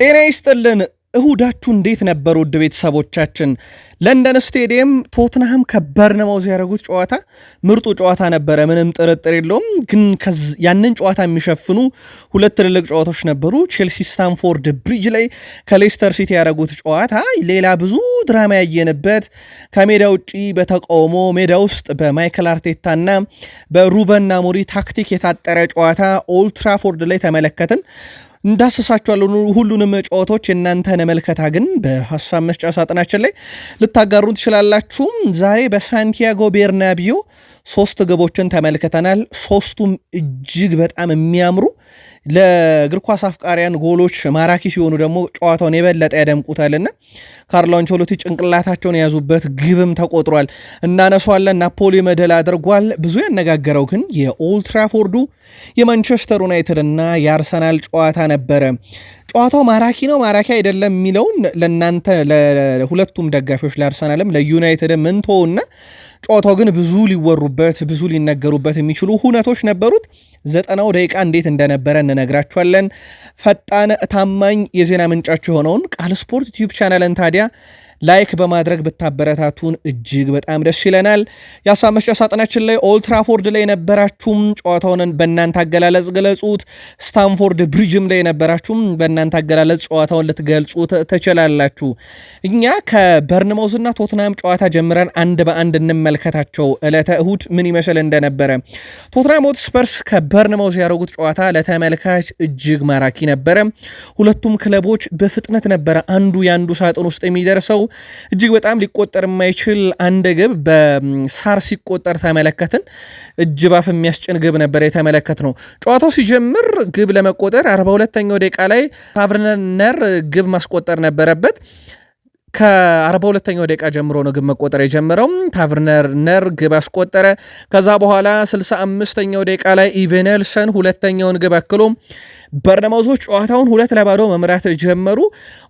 ጤና ይስጥልን። እሁዳችሁ እንዴት ነበር ውድ ቤተሰቦቻችን? ለንደን ስቴዲየም ቶትንሃም ከበርንማውዝ ያደረጉት ጨዋታ ምርጡ ጨዋታ ነበረ፣ ምንም ጥርጥር የለውም። ግን ያንን ጨዋታ የሚሸፍኑ ሁለት ትልልቅ ጨዋታዎች ነበሩ። ቼልሲ ስታንፎርድ ብሪጅ ላይ ከሌስተር ሲቲ ያደረጉት ጨዋታ ሌላ ብዙ ድራማ ያየንበት ከሜዳ ውጪ በተቃውሞ ሜዳ ውስጥ በማይክል አርቴታና በሩበን አሞሪም ታክቲክ የታጠረ ጨዋታ ኦልትራፎርድ ላይ ተመለከትን። እንዳስሳችኋለሁ ሁሉንም ጨዋታዎች የእናንተን መልከታ ግን በሀሳብ መስጫ ሳጥናችን ላይ ልታጋሩን ትችላላችሁም። ዛሬ በሳንቲያጎ ቤርናቢዮ ሶስት ግቦችን ተመልክተናል። ሶስቱም እጅግ በጣም የሚያምሩ ለእግር ኳስ አፍቃሪያን ጎሎች ማራኪ ሲሆኑ ደግሞ ጨዋታውን የበለጠ ያደምቁታልና ካርሎ አንቸሎቲ ጭንቅላታቸውን የያዙበት ግብም ተቆጥሯል። እናነሷለን። ናፖሊ መደል አድርጓል። ብዙ ያነጋገረው ግን የኦልትራፎርዱ የማንቸስተር ዩናይትድ የአርሰናል ጨዋታ ነበረ። ጨዋታው ማራኪ ነው ማራኪ አይደለም የሚለውን ለእናንተ ለሁለቱም ደጋፊዎች ለአርሰናልም ለዩናይትድም እንተውና ጨዋታው ግን ብዙ ሊወሩበት ብዙ ሊነገሩበት የሚችሉ ሁነቶች ነበሩት። ዘጠናው ደቂቃ እንዴት እንደነበረ እንነግራችኋለን። ፈጣን ታማኝ የዜና ምንጫችሁ የሆነውን ቃል ስፖርት ዩቲዩብ ቻናልን ታዲያ ላይክ በማድረግ ብታበረታቱን እጅግ በጣም ደስ ይለናል። የሀሳብ መስጫ ሳጥናችን ላይ ኦልትራፎርድ ላይ የነበራችሁም ጨዋታውን በእናንተ አገላለጽ ገለጹት። ስታንፎርድ ብሪጅም ላይ የነበራችሁም በእናንተ አገላለጽ ጨዋታውን ልትገልጹ ትችላላችሁ። እኛ ከበርንማውዝና ቶትናም ጨዋታ ጀምረን አንድ በአንድ እንመልከታቸው። ዕለተ እሁድ ምን ይመስል እንደነበረ ቶትናም ሆትስፐርስ ከበርንማውዝ ያደረጉት ጨዋታ ለተመልካች እጅግ ማራኪ ነበረ። ሁለቱም ክለቦች በፍጥነት ነበረ አንዱ የአንዱ ሳጥን ውስጥ የሚደርሰው እጅግ በጣም ሊቆጠር የማይችል አንድ ግብ በሳር ሲቆጠር ተመለከትን። እጅ ባፍ የሚያስጭን ግብ ነበር የተመለከት ነው። ጨዋታው ሲጀምር ግብ ለመቆጠር 42ኛው ደቂቃ ላይ ፓቨርነር ግብ ማስቆጠር ነበረበት። ከአርባ ሁለተኛው ደቂቃ ጀምሮ ነው ግብ መቆጠር የጀመረው። ታቨርነር ነር ግብ አስቆጠረ። ከዛ በኋላ 65ኛው ደቂቃ ላይ ኢቬኔልሰን ሁለተኛውን ግብ አክሎ በርነማውዞች ጨዋታውን ሁለት ለባዶ መምራት ጀመሩ።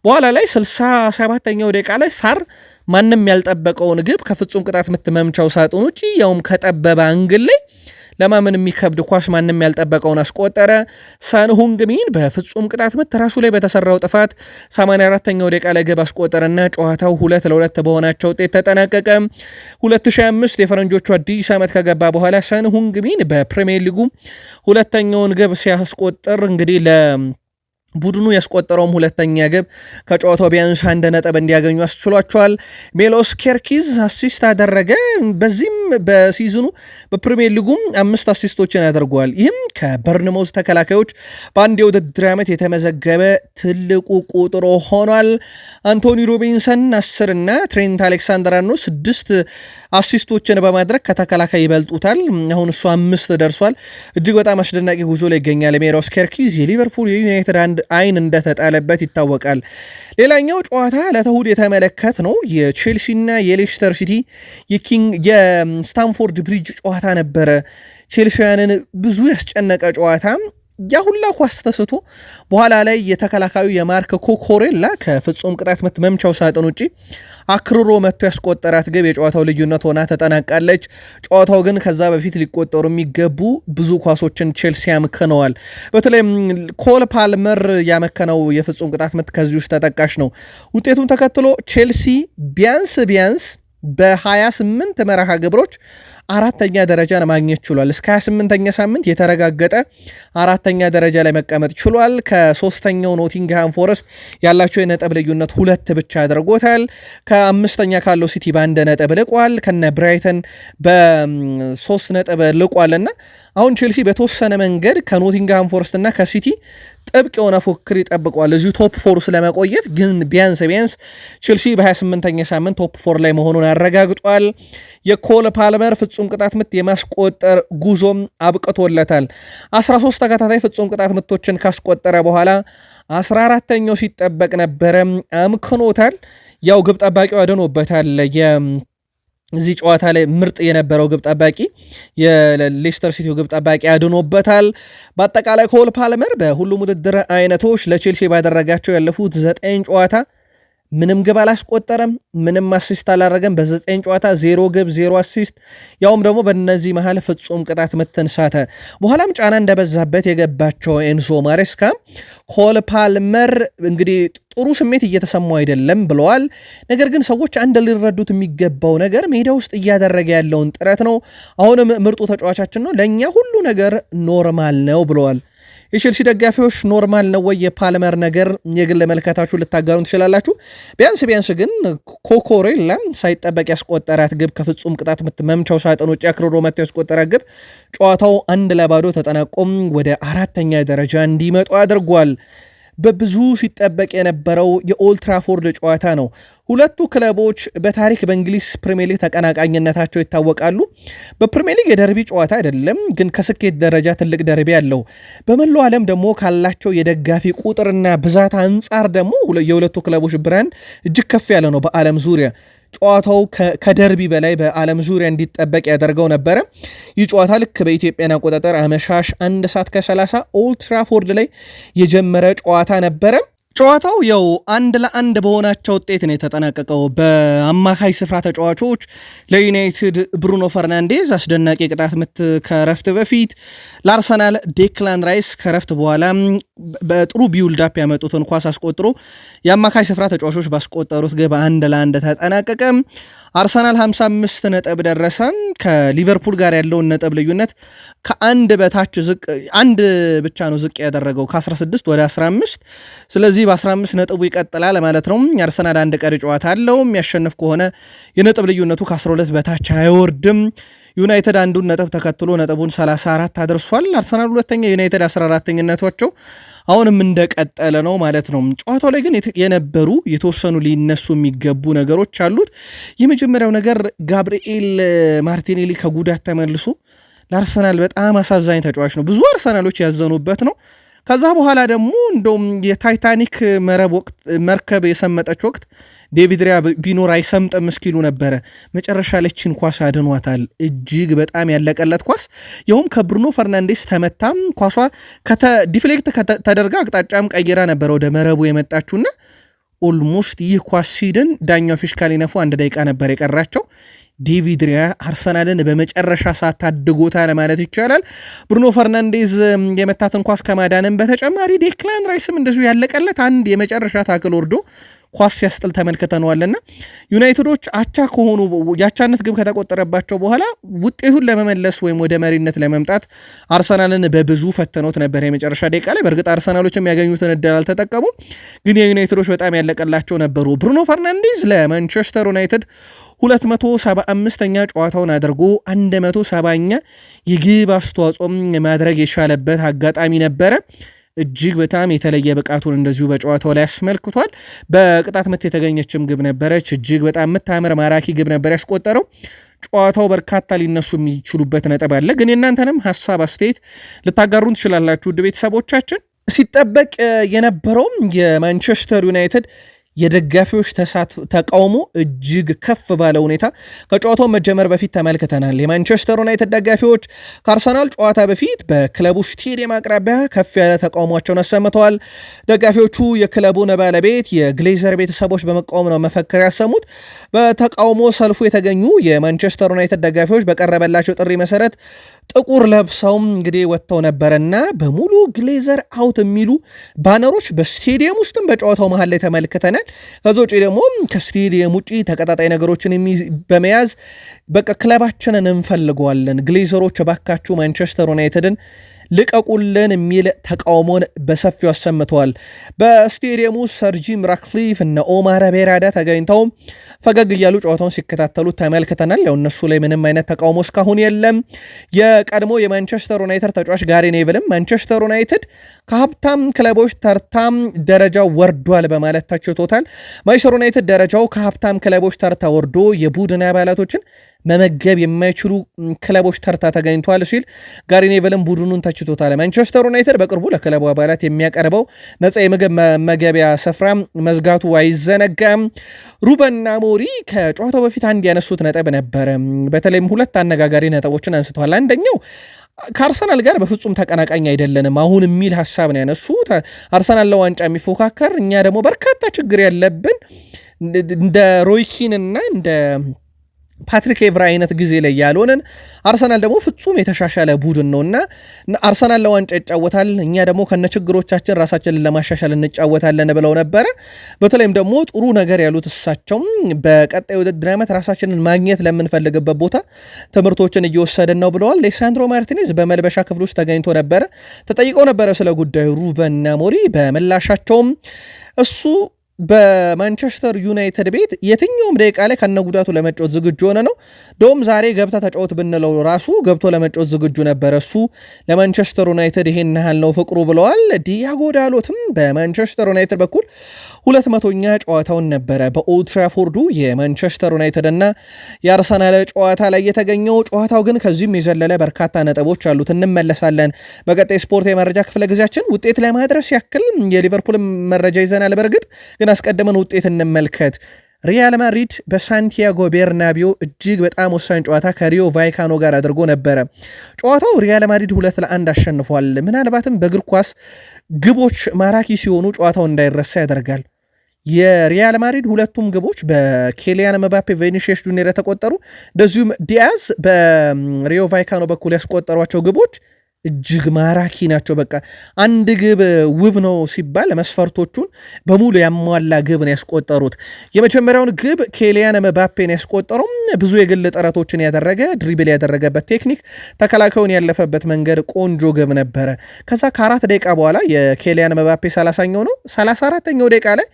በኋላ ላይ 67ኛው ደቂቃ ላይ ሳር ማንም ያልጠበቀውን ግብ ከፍጹም ቅጣት ምት ሳጥን ውጭ ያውም ከጠበበ አንግል ላይ ለማመን የሚከብድ ኳስ ማንም ያልጠበቀውን አስቆጠረ። ሳንሁንግሚን በፍጹም ቅጣት ምት ራሱ ላይ በተሰራው ጥፋት 84ኛው ደቂቃ ላይ ግብ አስቆጠረና ጨዋታው ሁለት ለሁለት በሆናቸው ውጤት ተጠናቀቀ። 205 የፈረንጆቹ አዲስ ዓመት ከገባ በኋላ ሳንሁንግሚን በፕሪሚየር ሊጉ ሁለተኛውን ግብ ሲያስቆጥር እንግዲህ ለ ቡድኑ ያስቆጠረውም ሁለተኛ ግብ ከጨዋታው ቢያንስ አንድ ነጥብ እንዲያገኙ አስችሏቸዋል። ሜሎስ ኬርኪዝ አሲስት አደረገ። በዚህም በሲዝኑ በፕሪሚየር ሊጉም አምስት አሲስቶችን አድርጓል። ይህም ከበርንሞዝ ተከላካዮች በአንድ የውድድር ዓመት የተመዘገበ ትልቁ ቁጥር ሆኗል። አንቶኒ ሮቢንሰን አስር እና ትሬንት አሌክሳንደር አርኖልድ ስድስት አሲስቶችን በማድረግ ከተከላካይ ይበልጡታል። አሁን እሱ አምስት ደርሷል። እጅግ በጣም አስደናቂ ጉዞ ላይ ይገኛል ሜሎስ ኬርኪዝ የሊቨርፑል የዩናይትድ አንድ አንድ አይን እንደተጣለበት ይታወቃል። ሌላኛው ጨዋታ ለተሁድ የተመለከት ነው የቼልሲና የሌስተር ሲቲ የስታንፎርድ ብሪጅ ጨዋታ ነበረ። ቼልሲያንን ብዙ ያስጨነቀ ጨዋታ ያ ሁላ ኳስ ተስቶ በኋላ ላይ የተከላካዩ የማርክ ኮኮሬላ ከፍጹም ቅጣት ምት መምቻው ሳጥን ውጪ አክርሮ መጥቶ ያስቆጠራት ግብ የጨዋታው ልዩነት ሆና ተጠናቃለች። ጨዋታው ግን ከዛ በፊት ሊቆጠሩ የሚገቡ ብዙ ኳሶችን ቼልሲ ያምክነዋል። በተለይ ኮል ፓልመር ያመከነው የፍጹም ቅጣት ምት ከዚህ ውስጥ ተጠቃሽ ነው። ውጤቱን ተከትሎ ቼልሲ ቢያንስ ቢያንስ በ28 መርሃ ግብሮች አራተኛ ደረጃን ማግኘት ችሏል። እስከ 28ኛ ሳምንት የተረጋገጠ አራተኛ ደረጃ ላይ መቀመጥ ችሏል። ከሶስተኛው ኖቲንግሃም ፎረስት ያላቸው የነጥብ ልዩነት ሁለት ብቻ አድርጎታል። ከአምስተኛ ካለው ሲቲ በአንድ ነጥብ ልቋል። ከነ ብራይተን በሶስት ነጥብ ልቋልና አሁን ቼልሲ በተወሰነ መንገድ ከኖቲንግሃም ፎረስት ከሲቲ ጥብቅ የሆነ ፉክክር ይጠብቀዋል እዚሁ ቶፕ ፎር ለመቆየት ግን ቢያንስ ቢያንስ ቼልሲ በ28ኛ ሳምንት ቶፕ ፎር ላይ መሆኑን አረጋግጧል። የኮል ፓልመር ፍጹም ቅጣት ምት የማስቆጠር ጉዞም አብቅቶለታል። 13 ተከታታይ ፍጹም ቅጣት ምቶችን ካስቆጠረ በኋላ 14ተኛው ሲጠበቅ ነበረ አምክኖታል። ያው ግብ ጠባቂው አድኖበታል። እዚህ ጨዋታ ላይ ምርጥ የነበረው ግብ ጠባቂ የሌስተር ሲቲው ግብ ጠባቂ አድኖበታል። በአጠቃላይ ኮል ፓልመር በሁሉም ውድድር አይነቶች ለቼልሲ ባደረጋቸው ያለፉት ዘጠኝ ጨዋታ ምንም ግብ አላስቆጠረም፣ ምንም አሲስት አላረገም። በዘጠኝ ጨዋታ ዜሮ ግብ ዜሮ አሲስት፣ ያውም ደግሞ በእነዚህ መሀል ፍጹም ቅጣት ምትን ሳተ። በኋላም ጫና እንደበዛበት የገባቸው ኤንሶ ማሬስካ ኮል ፓልመር እንግዲህ ጥሩ ስሜት እየተሰማው አይደለም ብለዋል። ነገር ግን ሰዎች አንድ ሊረዱት የሚገባው ነገር ሜዳ ውስጥ እያደረገ ያለውን ጥረት ነው። አሁንም ምርጡ ተጫዋቻችን ነው፣ ለእኛ ሁሉ ነገር ኖርማል ነው ብለዋል። የቼልሲ ደጋፊዎች ኖርማል ነው ወይ የፓልመር ነገር የግል መልከታችሁ ልታጋሩን ትችላላችሁ። ቢያንስ ቢያንስ ግን ኮኮሬላ ሳይጠበቅ ያስቆጠራት ግብ ከፍጹም ቅጣት ምት መምቻው ሳጥን ውጭ አክርሮ መታ ያስቆጠራት ግብ ጨዋታው አንድ ለባዶ ተጠናቆም ወደ አራተኛ ደረጃ እንዲመጡ አድርጓል። በብዙ ሲጠበቅ የነበረው የኦልትራፎርድ ጨዋታ ነው። ሁለቱ ክለቦች በታሪክ በእንግሊዝ ፕሪሚየር ሊግ ተቀናቃኝነታቸው ይታወቃሉ። በፕሪሚየር ሊግ የደርቢ ጨዋታ አይደለም፣ ግን ከስኬት ደረጃ ትልቅ ደርቢ አለው በመላው ዓለም ደግሞ ካላቸው የደጋፊ ቁጥርና ብዛት አንጻር ደግሞ የሁለቱ ክለቦች ብራንድ እጅግ ከፍ ያለ ነው በዓለም ዙሪያ ጨዋታው ከደርቢ በላይ በዓለም ዙሪያ እንዲጠበቅ ያደርገው ነበረ። ይህ ጨዋታ ልክ በኢትዮጵያን አቆጣጠር አመሻሽ አንድ ሰዓት ከ30 ኦልትራፎርድ ላይ የጀመረ ጨዋታ ነበረ። ጨዋታው ያው አንድ ለአንድ በሆናቸው ውጤት ነው የተጠናቀቀው። በአማካይ ስፍራ ተጫዋቾች ለዩናይትድ ብሩኖ ፈርናንዴዝ አስደናቂ ቅጣት ምት ከረፍት በፊት ለአርሰናል ዴክላን ራይስ ከረፍት በኋላ በጥሩ ቢውልዳፕ ያመጡትን ኳስ አስቆጥሮ የአማካይ ስፍራ ተጫዋቾች ባስቆጠሩት ግብ አንድ ለአንድ ተጠናቀቀ። አርሰናል 55 ነጥብ ደረሰን። ከሊቨርፑል ጋር ያለውን ነጥብ ልዩነት ከአንድ በታች ዝቅ አንድ ብቻ ነው ዝቅ ያደረገው ከ16 ወደ 15። ስለዚህ በ15 ነጥቡ ይቀጥላል ማለት ነው። የአርሰናል አንድ ቀሪ ጨዋታ አለው። የሚያሸንፍ ከሆነ የነጥብ ልዩነቱ ከ12 በታች አይወርድም። ዩናይትድ አንዱን ነጥብ ተከትሎ ነጥቡን 34 አድርሷል። አርሰናል ሁለተኛ፣ ዩናይትድ 14ኝነታቸው አሁንም እንደቀጠለ ነው ማለት ነው። ጨዋታው ላይ ግን የነበሩ የተወሰኑ ሊነሱ የሚገቡ ነገሮች አሉት። የመጀመሪያው ነገር ጋብርኤል ማርቲኔሊ ከጉዳት ተመልሶ ለአርሰናል በጣም አሳዛኝ ተጫዋች ነው። ብዙ አርሰናሎች ያዘኑበት ነው። ከዛ በኋላ ደግሞ እንደውም የታይታኒክ መረብ ወቅት መርከብ የሰመጠች ወቅት ዴቪድ ሪያ ቢኖር አይሰምጥም እስኪሉ ነበረ። መጨረሻ ለችን ኳስ አድኗታል። እጅግ በጣም ያለቀለት ኳስ ይኸውም ከብሩኖ ፈርናንዴስ ተመታም። ኳሷ ከዲፍሌክት ተደርጋ አቅጣጫም ቀይራ ነበረ ወደ መረቡ የመጣችውና ኦልሞስት ይህ ኳስ ሲድን ዳኛው ፊሽካሊነፉ አንድ ደቂቃ ነበር የቀራቸው። ዴቪድ ሪያ አርሰናልን በመጨረሻ ሰዓት ታድጎታል ለማለት ይቻላል። ብሩኖ ፈርናንዴዝ የመታትን ኳስ ከማዳንም በተጨማሪ ዴክላን ራይስም እንደዚሁ ያለቀለት አንድ የመጨረሻ ታክል ወርዶ ኳስ ሲያስጥል ተመልክተነዋልና ዩናይትዶች አቻ ከሆኑ የአቻነት ግብ ከተቆጠረባቸው በኋላ ውጤቱን ለመመለስ ወይም ወደ መሪነት ለመምጣት አርሰናልን በብዙ ፈተኖት ነበር የመጨረሻ ደቂቃ ላይ። በእርግጥ አርሰናሎች የሚያገኙትን እድል አልተጠቀሙም፣ ግን የዩናይትዶች በጣም ያለቀላቸው ነበሩ። ብሩኖ ፈርናንዴዝ ለማንቸስተር ዩናይትድ 275ኛ ጨዋታውን አድርጎ 170ኛ የግብ አስተዋጽኦም ማድረግ የቻለበት አጋጣሚ ነበረ። እጅግ በጣም የተለየ ብቃቱን እንደዚሁ በጨዋታው ላይ አስመልክቷል። በቅጣት ምት የተገኘችም ግብ ነበረች። እጅግ በጣም የምታምር ማራኪ ግብ ነበር ያስቆጠረው። ጨዋታው በርካታ ሊነሱ የሚችሉበት ነጥብ አለ፣ ግን የእናንተንም ሀሳብ አስተያየት ልታጋሩን ትችላላችሁ። ውድ ቤተሰቦቻችን ሲጠበቅ የነበረውም የማንቸስተር ዩናይትድ የደጋፊዎች ተቃውሞ እጅግ ከፍ ባለ ሁኔታ ከጨዋታው መጀመር በፊት ተመልክተናል። የማንቸስተር ዩናይትድ ደጋፊዎች ከአርሰናል ጨዋታ በፊት በክለቡ ስቴዲየም አቅራቢያ ከፍ ያለ ተቃውሟቸውን አሰምተዋል። ደጋፊዎቹ የክለቡን ባለቤት የግሌዘር ቤተሰቦች በመቃወም ነው መፈክር ያሰሙት። በተቃውሞ ሰልፉ የተገኙ የማንቸስተር ዩናይትድ ደጋፊዎች በቀረበላቸው ጥሪ መሰረት ጥቁር ለብሰውም እንግዲህ ወጥተው ነበረና በሙሉ ግሌዘር አውት የሚሉ ባነሮች በስቴዲየም ውስጥም በጨዋታው መሀል ላይ ተመልክተናል። ከዚ ውጪ ደግሞ ከስቴዲየም ውጪ ተቀጣጣይ ነገሮችን በመያዝ በቃ ክለባችንን እንፈልገዋለን፣ ግሌዘሮች እባካችሁ ማንቸስተር ዩናይትድን ልቀቁልን የሚል ተቃውሞን በሰፊው አሰምተዋል። በስቴዲየሙ ሰር ጂም ራትክሊፍ እነ ኦማር ቤራዳ ተገኝተው ፈገግ እያሉ ጨዋታውን ሲከታተሉ ተመልክተናል። ያው እነሱ ላይ ምንም አይነት ተቃውሞ እስካሁን የለም። የቀድሞ የማንቸስተር ዩናይትድ ተጫዋች ጋሪ ኔቭልም ማንቸስተር ዩናይትድ ከሀብታም ክለቦች ተርታም ደረጃው ወርዷል በማለት ተችቶታል። ማንቸስተር ዩናይትድ ደረጃው ከሀብታም ክለቦች ተርታ ወርዶ የቡድን አባላቶችን መመገብ የማይችሉ ክለቦች ተርታ ተገኝቷል ሲል ጋሪ ኔቨልም ቡድኑን ተችቶታል። ማንቸስተር ዩናይትድ በቅርቡ ለክለቡ አባላት የሚያቀርበው ነጻ የምግብ መመገቢያ ስፍራ መዝጋቱ አይዘነጋም። ሩበን አሞሪም ከጨዋታው በፊት አንድ ያነሱት ነጥብ ነበረ። በተለይም ሁለት አነጋጋሪ ነጥቦችን አንስተዋል። አንደኛው ከአርሰናል ጋር በፍጹም ተቀናቃኝ አይደለንም አሁን የሚል ሀሳብ ነው ያነሱት። አርሰናል ለዋንጫ የሚፎካከር እኛ ደግሞ በርካታ ችግር ያለብን እንደ እና እንደ ፓትሪክ ኤቭራ አይነት ጊዜ ላይ ያልሆነን አርሰናል ደግሞ ፍጹም የተሻሻለ ቡድን ነው እና አርሰናል ለዋንጫ ይጫወታል፣ እኛ ደግሞ ከነ ችግሮቻችን ራሳችንን ለማሻሻል እንጫወታለን ብለው ነበረ። በተለይም ደግሞ ጥሩ ነገር ያሉት እሳቸው በቀጣይ ውድድር ዓመት ራሳችንን ማግኘት ለምንፈልግበት ቦታ ትምህርቶችን እየወሰድን ነው ብለዋል። ሌሳንድሮ ማርቲኔዝ በመልበሻ ክፍል ውስጥ ተገኝቶ ነበረ። ተጠይቀው ነበረ ስለ ጉዳዩ ሩበን አሞሪም በምላሻቸውም እሱ በማንቸስተር ዩናይትድ ቤት የትኛውም ደቂቃ ላይ ከነ ጉዳቱ ለመጫወት ዝግጁ የሆነ ነው። ዶም ዛሬ ገብታ ተጫወት ብንለው ራሱ ገብቶ ለመጫወት ዝግጁ ነበረ። እሱ ለማንቸስተር ዩናይትድ ይሄን ያህል ነው ፍቅሩ ብለዋል። ዲያጎ ዳሎትም በማንቸስተር ዩናይትድ በኩል ሁለት መቶኛ ጨዋታውን ነበረ በኦልትራፎርዱ የማንቸስተር ዩናይትድ እና የአርሰናል ጨዋታ ላይ የተገኘው። ጨዋታው ግን ከዚህም የዘለለ በርካታ ነጥቦች አሉት። እንመለሳለን በቀጣይ ስፖርት የመረጃ ክፍለ ጊዜያችን። ውጤት ለማድረስ ያክል የሊቨርፑል መረጃ ይዘናል። በእርግጥ ግን አስቀድመን ውጤት እንመልከት። ሪያል ማድሪድ በሳንቲያጎ ቤርናቢዮ እጅግ በጣም ወሳኝ ጨዋታ ከሪዮ ቫይካኖ ጋር አድርጎ ነበረ። ጨዋታው ሪያል ማድሪድ ሁለት ለአንድ አሸንፏል። ምናልባትም በእግር ኳስ ግቦች ማራኪ ሲሆኑ ጨዋታው እንዳይረሳ ያደርጋል። የሪያል ማድሪድ ሁለቱም ግቦች በኬሊያን መባፔ፣ ቬኒሽስ ጁኒየር የተቆጠሩ እንደዚሁም ዲያዝ በሪዮ ቫይካኖ በኩል ያስቆጠሯቸው ግቦች እጅግ ማራኪ ናቸው። በቃ አንድ ግብ ውብ ነው ሲባል መስፈርቶቹን በሙሉ ያሟላ ግብ ነው ያስቆጠሩት። የመጀመሪያውን ግብ ኬሊያን መባፔን ያስቆጠረው ብዙ የግል ጥረቶችን ያደረገ ድሪብል ያደረገበት ቴክኒክ፣ ተከላካዩን ያለፈበት መንገድ ቆንጆ ግብ ነበረ። ከዛ ከአራት ደቂቃ በኋላ የኬሊያን መባፔ 30ኛው ነው 34ኛው ደቂቃ ላይ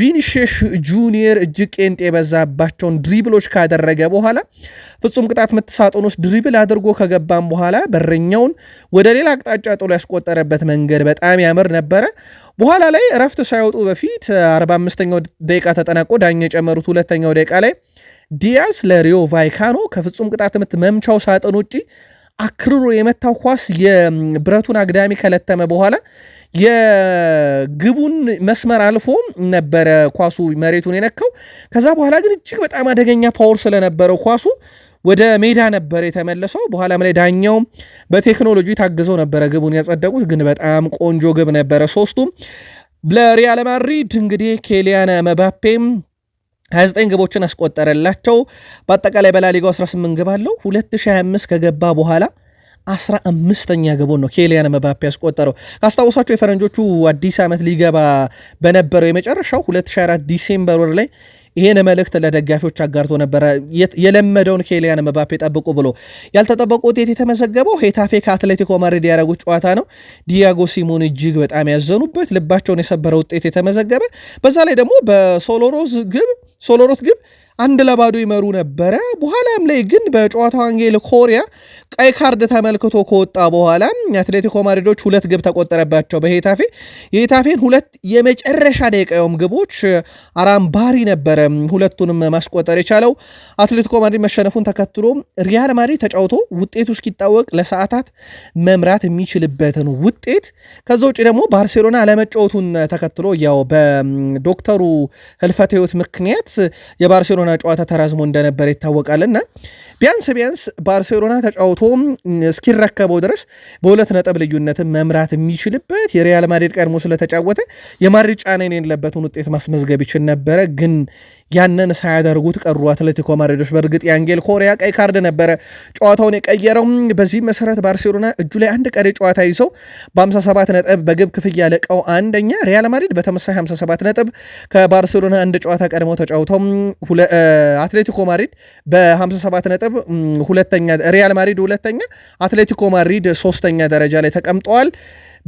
ቪኒሽሽ ጁኒየር እጅግ ቄንጥ የበዛባቸውን ድሪብሎች ካደረገ በኋላ ፍጹም ቅጣት ምት ሳጥን ውስጥ ድሪብል አድርጎ ከገባም በኋላ በረኛውን ወደ ሌላ አቅጣጫ ጥሎ ያስቆጠረበት መንገድ በጣም ያምር ነበረ። በኋላ ላይ እረፍት ሳይወጡ በፊት 45ኛው ደቂቃ ተጠናቆ ዳኛ የጨመሩት ሁለተኛው ደቂቃ ላይ ዲያስ ለሪዮ ቫይካኖ ከፍጹም ቅጣት ምት መምቻው ሳጥን ውጪ አክርሮ የመታው ኳስ የብረቱን አግዳሚ ከለተመ በኋላ የግቡን መስመር አልፎ ነበረ ኳሱ መሬቱን የነካው። ከዛ በኋላ ግን እጅግ በጣም አደገኛ ፓወር ስለነበረው ኳሱ ወደ ሜዳ ነበር የተመለሰው። በኋላም ላይ ዳኛውም በቴክኖሎጂ ታግዘው ነበረ ግቡን ያጸደቁት። ግን በጣም ቆንጆ ግብ ነበረ። ሶስቱም ለሪያል ማድሪድ እንግዲህ ኬሊያን መባፔም 29 ግቦችን አስቆጠረላቸው። በአጠቃላይ በላሊጋው 18 ግብ አለው። 2025 ከገባ በኋላ አስራ አምስተኛ ግቡን ነው ኬሊያን መባፔ ያስቆጠረው። ካስታወሳቸው የፈረንጆቹ አዲስ ዓመት ሊገባ በነበረው የመጨረሻው 2024 ዲሴምበር ወር ላይ ይሄን መልእክት ለደጋፊዎች አጋርቶ ነበረ። የለመደውን ኬሊያን መባፔ ጠብቁ ብሎ ያልተጠበቁ ውጤት የተመዘገበው ሄታፌ ከአትሌቲኮ ማድሪድ ያደረጉት ጨዋታ ነው። ዲያጎ ሲሞን እጅግ በጣም ያዘኑበት ልባቸውን የሰበረ ውጤት የተመዘገበ በዛ ላይ ደግሞ በሶሎሮዝ ግብ ሶሎሮት ግብ አንድ ለባዶ ይመሩ ነበረ። በኋላም ላይ ግን በጨዋታው አንጌል ኮሪያ ቀይ ካርድ ተመልክቶ ከወጣ በኋላ አትሌቲኮ ማድሪዶች ሁለት ግብ ተቆጠረባቸው በሄታፌ የሄታፌን ሁለት የመጨረሻ ደቂቃውም ግቦች አራምባሪ ነበረ ሁለቱንም ማስቆጠር የቻለው አትሌቲኮ ማድሪድ መሸነፉን ተከትሎ ሪያል ማድሪድ ተጫውቶ ውጤቱ እስኪታወቅ ለሰዓታት መምራት የሚችልበትን ውጤት ከዛ ውጭ ደግሞ ባርሴሎና አለመጫወቱን ተከትሎ ያው በዶክተሩ ህልፈት ህይወት ምክንያት የባርሴሎና የባርሴሎና ጨዋታ ተራዝሞ እንደነበረ ይታወቃልና ቢያንስ ቢያንስ ባርሴሎና ተጫውቶ እስኪረከበው ድረስ በሁለት ነጥብ ልዩነትን መምራት የሚችልበት የሪያል ማድሪድ ቀድሞ ስለተጫወተ የማድሪድ ጫና የሌለበትን ውጤት ማስመዝገብ ይችል ነበረ ግን ያንን ሳያደርጉት ቀሩ። አትሌቲኮ ማድሪዶች በእርግጥ የአንጌል ኮሪያ ቀይ ካርድ ነበረ ጨዋታውን የቀየረው። በዚህ መሰረት ባርሴሎና እጁ ላይ አንድ ቀሪ ጨዋታ ይዘው በ57 ነጥብ በግብ ክፍያ ለቀው አንደኛ፣ ሪያል ማድሪድ በተመሳሳይ 57 ነጥብ ከባርሴሎና አንድ ጨዋታ ቀድሞ ተጫውተው አትሌቲኮ ማድሪድ በ57 ነጥብ ሁለተኛ፣ ሪያል ማድሪድ ሁለተኛ፣ አትሌቲኮ ማድሪድ ሶስተኛ ደረጃ ላይ ተቀምጠዋል።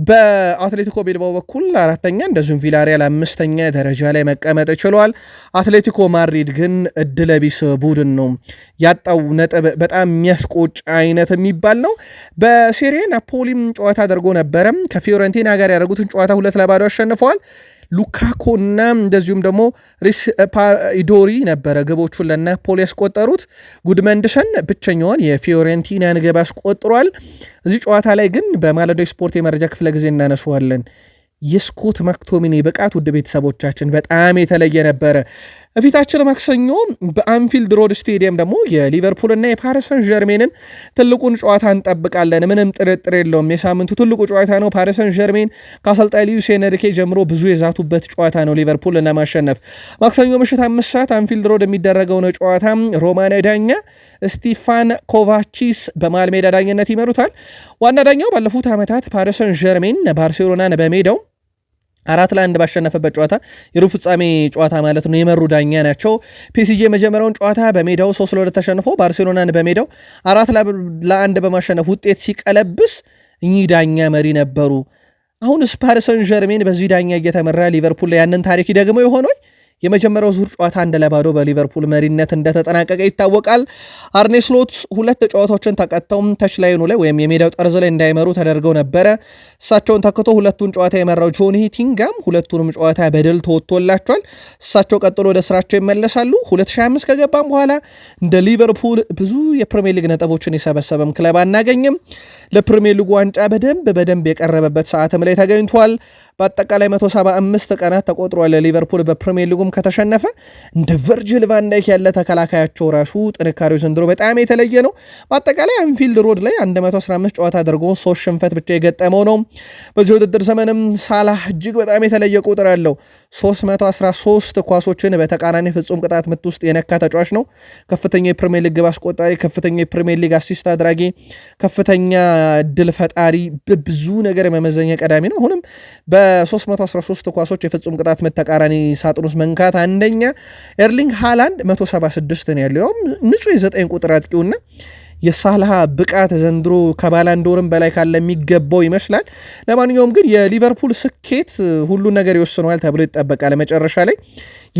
በአትሌቲኮ ቤልባው በኩል አራተኛ እንደዚሁም ቪላሪያል አምስተኛ ደረጃ ላይ መቀመጥ ችሏል። አትሌቲኮ ማድሪድ ግን እድለቢስ ቡድን ነው ያጣው ነጥብ በጣም የሚያስቆጭ አይነት የሚባል ነው። በሴሬ ናፖሊም ጨዋታ አድርጎ ነበረም ከፊዮረንቲና ጋር ያደረጉትን ጨዋታ ሁለት ለባዶ አሸንፈዋል። ሉካኮ እና እንደዚሁም ደግሞ ሪስ ኢዶሪ ነበረ ግቦቹን ለናፖሊ ያስቆጠሩት። ጉድመንድሸን ብቸኛዋን የፊዮሬንቲናን ግብ አስቆጥሯል። እዚህ ጨዋታ ላይ ግን በማለዳው ስፖርት የመረጃ ክፍለ ጊዜ እናነሱዋለን። የስኮት ማክቶሚኔ ብቃት ውድ ቤተሰቦቻችን በጣም የተለየ ነበረ። እፊታችን ማክሰኞ በአንፊልድ ሮድ ስቴዲየም ደግሞ የሊቨርፑልና የፓሪሰን ጀርሜንን ትልቁን ጨዋታ እንጠብቃለን። ምንም ጥርጥር የለውም የሳምንቱ ትልቁ ጨዋታ ነው። ፓሪሰን ጀርሜን ከአሰልጣኝ ሉዊስ ኤንሪኬ ጀምሮ ብዙ የዛቱበት ጨዋታ ነው ሊቨርፑልን ለማሸነፍ። ማክሰኞ ምሽት አምስት ሰዓት አንፊልድ ሮድ ነው ጨዋታ ሮማናዊ ዳኛ ስቲፋን ኮቫቺስ በመሃል ሜዳ ዳኝነት ይመሩታል። ዋና ዳኛው ባለፉት ዓመታት ፓሪሰን ጀርሜን ባርሴሎናን በሜዳው አራት ለአንድ ባሸነፈበት ጨዋታ የሩብ ፍጻሜ ጨዋታ ማለት ነው የመሩ ዳኛ ናቸው። ፒሲጂ የመጀመሪያውን ጨዋታ በሜዳው ሶስት ለሁለት ተሸንፎ ባርሴሎናን በሜዳው አራት ለአንድ በማሸነፍ ውጤት ሲቀለብስ እኚህ ዳኛ መሪ ነበሩ። አሁንስ ፓሪሰን ሰን ዠርሜን በዚህ ዳኛ እየተመራ ሊቨርፑል ያንን ታሪክ ደግሞ የሆነው የመጀመሪያው ዙር ጨዋታ አንድ ለባዶ በሊቨርፑል መሪነት እንደተጠናቀቀ ይታወቃል። አርኔ ስሎት ሁለት ጨዋታዎችን ተቀጥተውም ተችላይኑ ላይ ወይም የሜዳው ጠርዝ ላይ እንዳይመሩ ተደርገው ነበረ። እሳቸውን ተክቶ ሁለቱን ጨዋታ የመራው ጆን ሂቲንጋም ሁለቱንም ጨዋታ በድል ተወጥቶላቸዋል። እሳቸው ቀጥሎ ወደ ስራቸው ይመለሳሉ። 2025 ከገባም በኋላ እንደ ሊቨርፑል ብዙ የፕሪሚየር ሊግ ነጥቦችን የሰበሰበም ክለብ አናገኝም። ለፕሪሚየር ሊጉ ዋንጫ በደንብ በደንብ የቀረበበት ሰዓትም ላይ ተገኝቷል። በአጠቃላይ 175 ቀናት ተቆጥሯል። ሊቨርፑል በፕሪሚየር ሊጉም ከተሸነፈ እንደ ቨርጅል ቫንዳይክ ያለ ተከላካያቸው ራሱ ጥንካሬው ዘንድሮ በጣም የተለየ ነው። በአጠቃላይ አንፊልድ ሮድ ላይ 115 ጨዋታ አድርጎ ሶስት ሽንፈት ብቻ የገጠመው ነው። በዚህ ውድድር ዘመንም ሳላህ እጅግ በጣም የተለየ ቁጥር አለው። 313 ኳሶችን በተቃራኒ ፍጹም ቅጣት ምት ውስጥ የነካ ተጫዋች ነው። ከፍተኛ የፕሪሚየር ሊግ ግብ አስቆጣሪ፣ ከፍተኛ የፕሪሚየር ሊግ አሲስት አድራጊ፣ ከፍተኛ ድል ፈጣሪ፣ በብዙ ነገር የመመዘኛ ቀዳሚ ነው። አሁንም በ313 ኳሶች የፍጹም ቅጣት ምት ተቃራኒ ሳጥን ውስጥ መንካት አንደኛ ኤርሊንግ ሃላንድ 176 ነው ያለው ያውም ንጹህ የ9 ቁጥር አጥቂውና የሳልሃ ብቃት ዘንድሮ ከባላንዶርም በላይ ካለ የሚገባው ይመስላል። ለማንኛውም ግን የሊቨርፑል ስኬት ሁሉን ነገር ይወስነዋል ተብሎ ይጠበቃል። መጨረሻ ላይ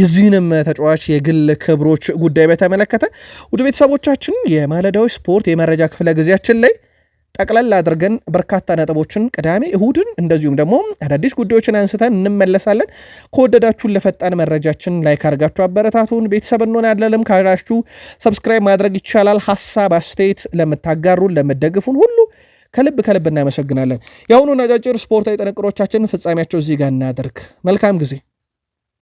የዚህንም ተጫዋች የግል ክብሮች ጉዳይ በተመለከተ ውድ ቤተሰቦቻችን የማለዳዊ ስፖርት የመረጃ ክፍለ ጊዜያችን ላይ ጠቅለል አድርገን በርካታ ነጥቦችን ቅዳሜ እሁድን እንደዚሁም ደግሞ አዳዲስ ጉዳዮችን አንስተን እንመለሳለን። ከወደዳችሁን ለፈጣን መረጃችን ላይክ አድርጋችሁ አበረታቱን። ቤተሰብ እንሆናለንም ካላችሁ ሰብስክራይብ ማድረግ ይቻላል። ሀሳብ አስተያየት ለምታጋሩን ለምደግፉን ሁሉ ከልብ ከልብ እናመሰግናለን። የአሁኑ አጫጭር ስፖርታዊ ጥንቅሮቻችን ፍጻሜያቸው እዚህ ጋር እናደርግ። መልካም ጊዜ